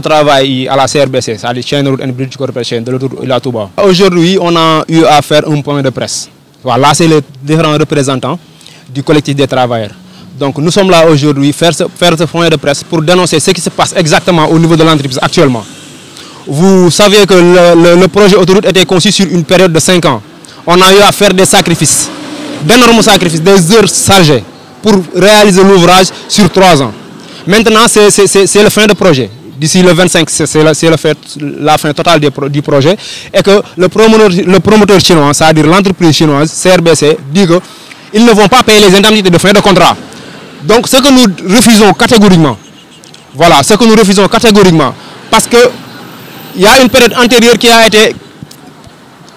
travail à la CRBC, à dire Chain Road and Bridge Corporation de l'autoroute. Touba. Aujourd'hui, on a eu à faire un point de presse. Voilà, c'est les différents représentants du collectif des travailleurs. Donc nous sommes là aujourd'hui faire faire ce point de presse pour dénoncer ce qui se passe exactement au niveau de l'entreprise actuellement. Vous savez que le, projet autoroute était conçu sur une période de 5 ans. On a eu à faire des sacrifices, d'énormes sacrifices, des heures chargées pour réaliser l'ouvrage sur 3 ans. Maintenant, c'est le fin de projet d'ici le 25, c'est la, fin totale du projet, et que le promoteur, chinois, c'est-à-dire l'entreprise chinoise, CRBC, dit qu'ils ne vont pas payer les indemnités de fin de contrat. Donc ce que nous refusons catégoriquement, voilà, ce que nous refusons catégoriquement, parce qu'il y a une période antérieure qui a été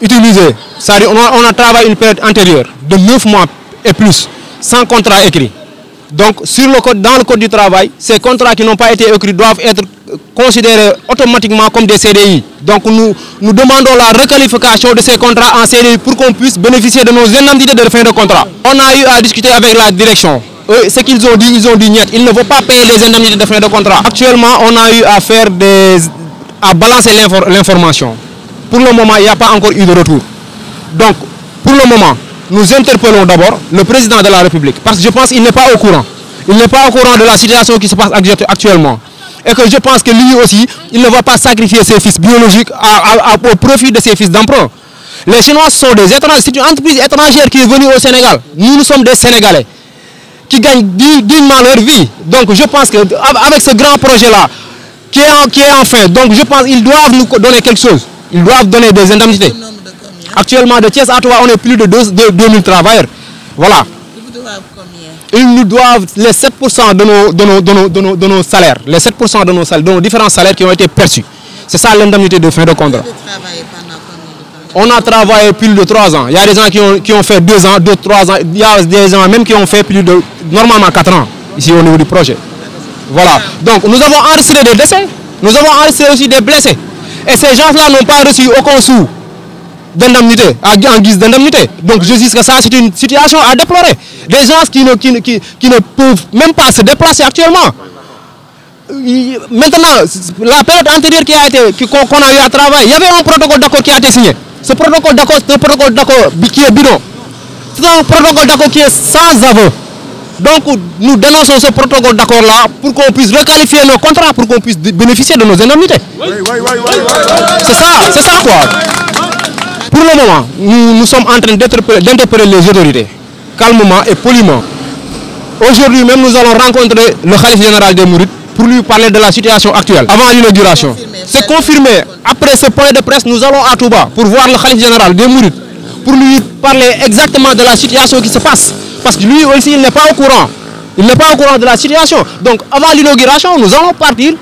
utilisée, c'est-à-dire on a, travaillé une période antérieure de 9 mois et plus, sans contrat écrit. Donc, sur le code, dans le code du travail, ces contrats qui n'ont pas été écrits doivent être considérés automatiquement comme des CDI. Donc nous, nous demandons la requalification de ces contrats en CDI pour qu'on puisse bénéficier de nos indemnités de fin de contrat. On a eu à discuter avec la direction. Euh, ce qu'ils ont dit, ils ont dit niet. Ils ne vont pas payer les indemnités de fin de contrat. Actuellement, on a eu à faire des... à balancer l'information. Pour le moment, il n'y a pas encore eu de retour. Donc, pour le moment, nous interpellons d'abord le président de la République. Parce que je pense qu'il n'est pas au courant. Il n'est pas au courant de la situation qui se passe actuellement et que je pense que lui aussi, il ne va pas sacrifier ses fils biologiques au profit de ses fils d'emprunt. Les Chinois sont des étrangers, c'est une entreprise étrangère qui est venue au Sénégal. Nous, nous sommes des Sénégalais qui gagnent dignement leur vie. Donc je pense qu'avec ce grand projet-là, qui est, en, qui donc je pense qu'ils doivent nous donner quelque chose. Ils doivent donner des indemnités. Actuellement, de Thiès à toi, on est plus de 2000 travailleurs. Voilà ils nous doivent les 7% de nos, de, nos, de, nos, de, nos, salaires, les 7% de nos salaires, de nos différents salaires qui ont été perçus. C'est ça l'indemnité de fin de contrat. On a travaillé plus de 3 ans. Il y a des gens qui ont, qui ont fait 2 ans, 2, 3 ans. Il y a des gens même qui ont fait plus de, normalement 4 ans, ici au niveau du projet. Voilà. Donc nous avons enregistré des décès, nous avons enregistré aussi des blessés. Et ces gens-là n'ont pas reçu aucun sou d'indemnité, en guise d'indemnité. Donc je dis que ça, c'est une situation à déplorer. Des gens qui ne, qui, ne peuvent même pas se déplacer actuellement. Maintenant, la période antérieure qui a été, qu'on a eu à travailler, il y avait un protocole d'accord qui a été signé. Ce protocole d'accord, c'est un protocole d'accord qui est bidon. C'est un protocole d'accord qui est sans aveu. Donc nous dénonçons ce protocole d'accord-là pour qu'on puisse requalifier nos contrats, pour qu'on puisse bénéficier de nos indemnités. c'est ça, c'est ça quoi pour le moment, nous, sommes en train d'interpréter les autorités, calmement et poliment. Aujourd'hui même, nous allons rencontrer le Khalif général de Mourit pour lui parler de la situation actuelle avant l'inauguration. C'est confirmé. Après ce point de presse, nous allons à Touba pour voir le Khalif général de Mourit, pour lui parler exactement de la situation qui se passe. Parce que lui aussi, il n'est pas au courant. Il n'est pas au courant de la situation. Donc avant l'inauguration, nous allons partir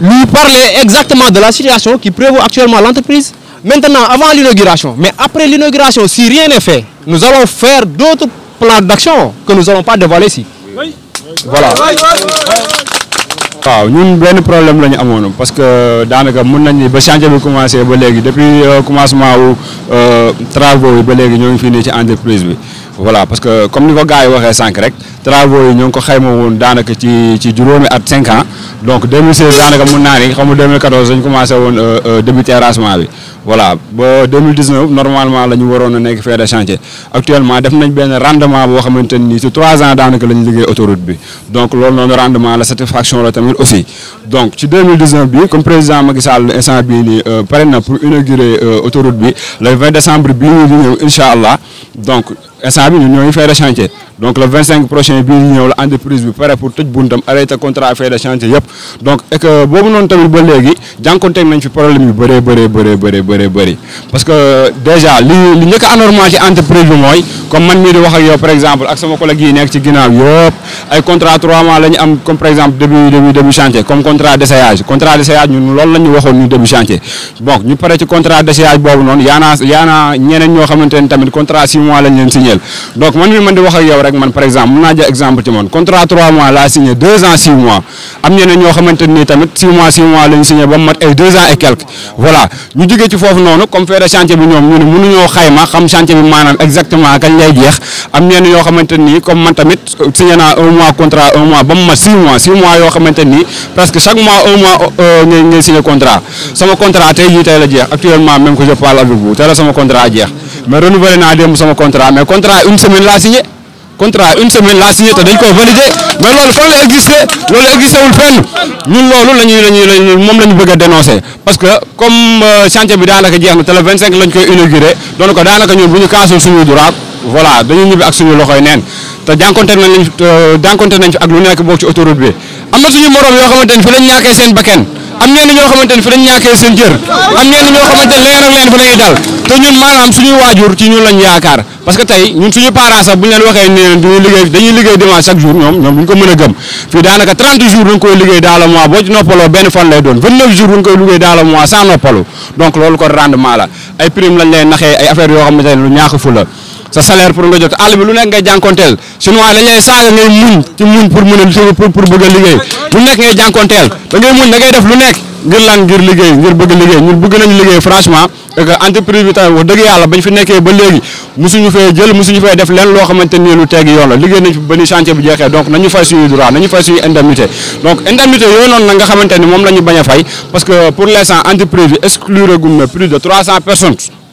lui parler exactement de la situation qui prévaut actuellement l'entreprise Maintenant, avant l'inauguration, mais après l'inauguration, si rien n'est fait, nous allons faire d'autres plans d'action que nous n'allons pas dévoiler ici. Oui. Voilà. Oui, oui, problème parce que nous avons ni ba chantier commencé ba le depuis euh, commencement euh, travaux ont ba léegi l'entreprise. voilà parce que comme nous avons dit, les travaux yi avons 5 ko xayma ans donc 2016 nous avons ni xam 2014 commencé à euh, débuter bi voilà ba 2019 normalement la ñu waroon a nekk fait de chantier actuellement def nañ benn rendement boo xamante ni ci trois ans daanaka la ñu liggéey autoroute bi donc loolu noonu rendement la satisfaction la tamit aussi donc ci 2019 bi comme président Macky Sall instant bii nii euh, pare na pour inaugurer euh, autoroute bi le 20 décembre bi ñu ñëw incha allah donc. instant bi ñun ñoo ngi fay de chantier donc le 25 prochain bii ñu l'entreprise la entreprise bi pare pour tëj buntam arrêté contrat fay de chantier yëpp donc et que boobu noonu tamit ba léegi jànkonteeg nañ fi problème yu bëree bëree bëree bëree bëri parce que déjà li li njëkk anormal ci entreprise bi comme man mii di wax ak yow par exemple ak sama collègue yi nekk ci ginnaaw yëpp ay contrat 3 mois la am comme par exemple début début début chantier comme contrat d'essayage contrat d'essayage ñun loolu la ñu waxoon début chantier bon ñu pare ci contrat d'essayage boobu noonu yaa naa yaa naa ñeneen ñoo xamante tamit contrat 6 mois lañ leen signé donc man mii man di wax ak rek man par exemple mun naa jël exemple ci man contrat 3 mois laa signé 2 ans 6 mois am ñeneen ñoo xamante tamit 6 mois 6 mois ba mu mat ay 2 ans et quelques voilà ñu jógee ci foofu noonu comme feere chantier bi ñoom ñu ne mënuñoo xayma xam chantier bi maanaam exactement kañ lay jeex am ñenn yoo xamante comme man tamit signé un mois contrat un mois ba mu mat 6 mois yoo xamante ni mais renouvelé naa démb sama contrat mais contrat une semaine laa signé contrat une semaine laa signé te dañ koo validé mais loolu fan la existé loolu existé wul fenn ñun loolu la ñuy la ñuy moom la ñu bëgg parce que comme euh, chantier bi daanaka jeex na te le 25 lañ koy inauguré ko daanaka ñun bu ñu kaasul suñu droit voilà dañuy ñibbi ak suñu loxoy neen te jànkonte nañ euh, jànkonte nañ fi ak lu nekk bokk ci autoroute bi am na suñu morom yoo xamante ni fi lañ ñàkkee seen bakkan. am ñenn ñoo xamante fi dañ ñàkkee seen am ñenn ñoo xamante ni leen ak leen fa dañuy dal te ñun maanaam suñuy waajur ci ñun lañ yaakaar parce que tey ñun suñu parents sax buñ waxee ne leen dañuy liggéey dañuy chaque jour ñoom ñoom duñ ko mën a gëm fii daanaka 30 jours dañ koy liggéey dans le mois boo ci noppaloo benn fan lay doon 29 jours dañ koy liggéey dans le mois sans noppalu donc loolu kon rendement la ay prime lañ lay naxee ay yoo xamante ne sa salaire pour nga jot àll bi lu nekk ngay jànkonteel chinois dañ lay saaga ngay muñ ci muñ pour mën a pour pour bëgg a liggéey lu nekk ngay jànkonteel da muñ da def lu nekk ngir lan ngir liggéey ngir bëgg liggéey ñun bëgg nañu liggéey franchement entreprise bi tamit wax dëgg yàlla bañ fi nekkee ba léegi musuñu fee jël musuñu fee def leen loo xamante ni lu tegg yoon liggéey nañ fi ba ni chantier jeexee donc nañu fay suñu droit donc indemnité yooyu a fay parce que pour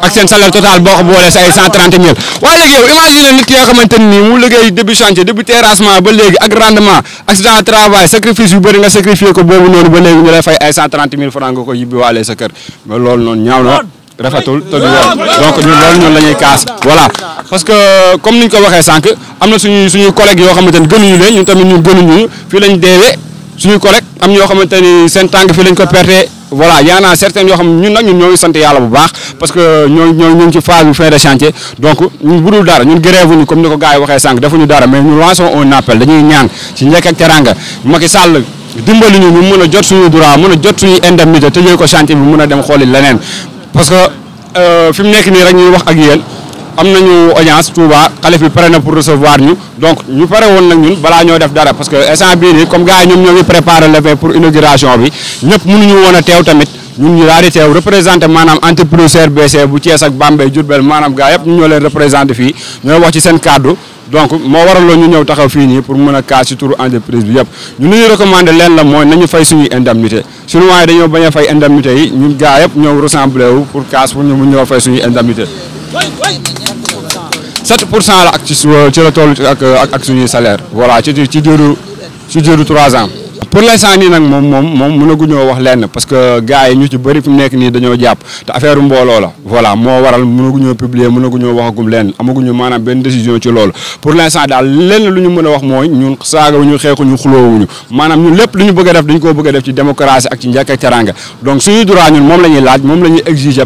ak seen salaire total boo ko boolee sa ay cent trente mille waaye léegi yow imagine nit ki nga xamante ni mu liggéey début chantier début terrassement ba léegi ak rendement accident de travail sacrifice yu bëri nga sacrifié ko boobu noonu ba léegi ñu fay ay cent trente mille franc nga ko yibbi waalee sa kër mais noonu ñaaw na rafetul te du yoon donc ñun loolu ñun la ñuy kaas voilà parce que comme ni ko waxee sànq am na suñu suñuy collègues yoo xamante ni gënuñu leen ñun suñuy collègue am ñoo xamante ni seen tànk fi lañ ko perte voilà y en a yoo xam ñun nag ñun ñoo ngi sant yàlla bu baax parce que ñoo ñoo ñu ngi ci phase bu fin de chantier donc ñun budul dara ñun grève ñu comme ni ko gars yi waxee sànq defuñu dara mais ñu lançons un appel dañuy ñaan ci njëkk ak teranga Macky Sall dimbali ñu ñu mën a jot suñu droit mën a jot suñu indemnité tëjee ko chantier bi mën a dem xooli leneen parce que euh, fi mu nekk nii rek ñuy wax ak yéen am nañu audience Touba xalif bi pare na pour recevoir ñu donc ñu pare woon nag ñun balaa ñoo def dara parce que instant bii nii comme gars yi ñoom ñoo ngi préparé le vin pour inauguration bi ñëpp mënuñu woon a teew tamit ñun ñu teew représenté maanaam entreprise CRBC bu Thiès ak Bambey Diourbel maanaam gars yëpp ñu ñoo leen représenté fii ñooy wax ci seen kàddu donc moo waraloo ñu ñëw taxaw fii nii pour mën a kaas ci turu entreprise bi yëpp ñu li ñu recommandé leen la mooy nañu fay suñuy indemnité suñu waaye dañoo bañ a fay yëpp ñoo ressemblé wu pour kaas pour ñu mun ñoo fay 7 à cent sur ak euh, salaire voilà ci ci diiru 3 ans. pour l'instant nii nag moom moom moom mënaguñoo wax lenn parce que gars yi ñu ci bëri fi mu nekk nii dañoo jàpp te affaire mbooloo la voilà moo waral mënaguñoo publier mënaguñoo waxagum lenn amaguñu maanaam benn décision ci loolu pour l'instant daal lenn lu ñu mën a wax mooy ñun saagawuñu xeexuñu xuloowuñu maanaam ñun lépp lu ñu bëgg a def dañ koo bëgg a def ci démocratie ak ci njëkk teranga donc suñu droit ñun moom la ñuy laaj moom la ñuy exiger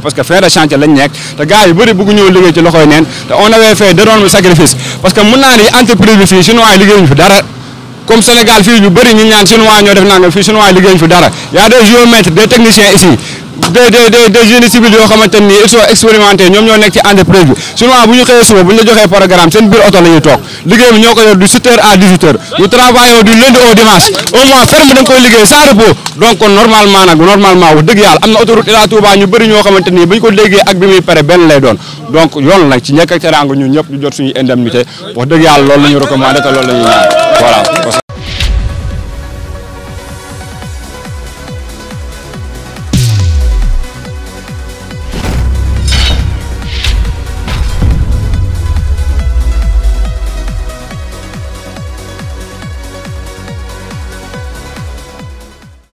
comme Sénégal fii ñu bëri ñu ñaan chinois ñoo def nangam fii chinois liggéeyuñ fi dara y a des géomètres des techniciens ici des des des des génie civil yoo xamante ni ils ñoom ñoo nekk ci entreprise bi chinois bu ñu xëyee suba bu ñu la joxee programme seen biir oto la ñuy toog liggéey bi ñoo ko yor du 7 heures à 18 heures nous travaillons du lundi au dimanche ferme da koy liggéey sans repos donc kon normalement nag normalement wax dëgg yàlla am na autoroute Ila Touba ni bu ñu ko déggee ak bi muy pare benn lay doon donc Moral.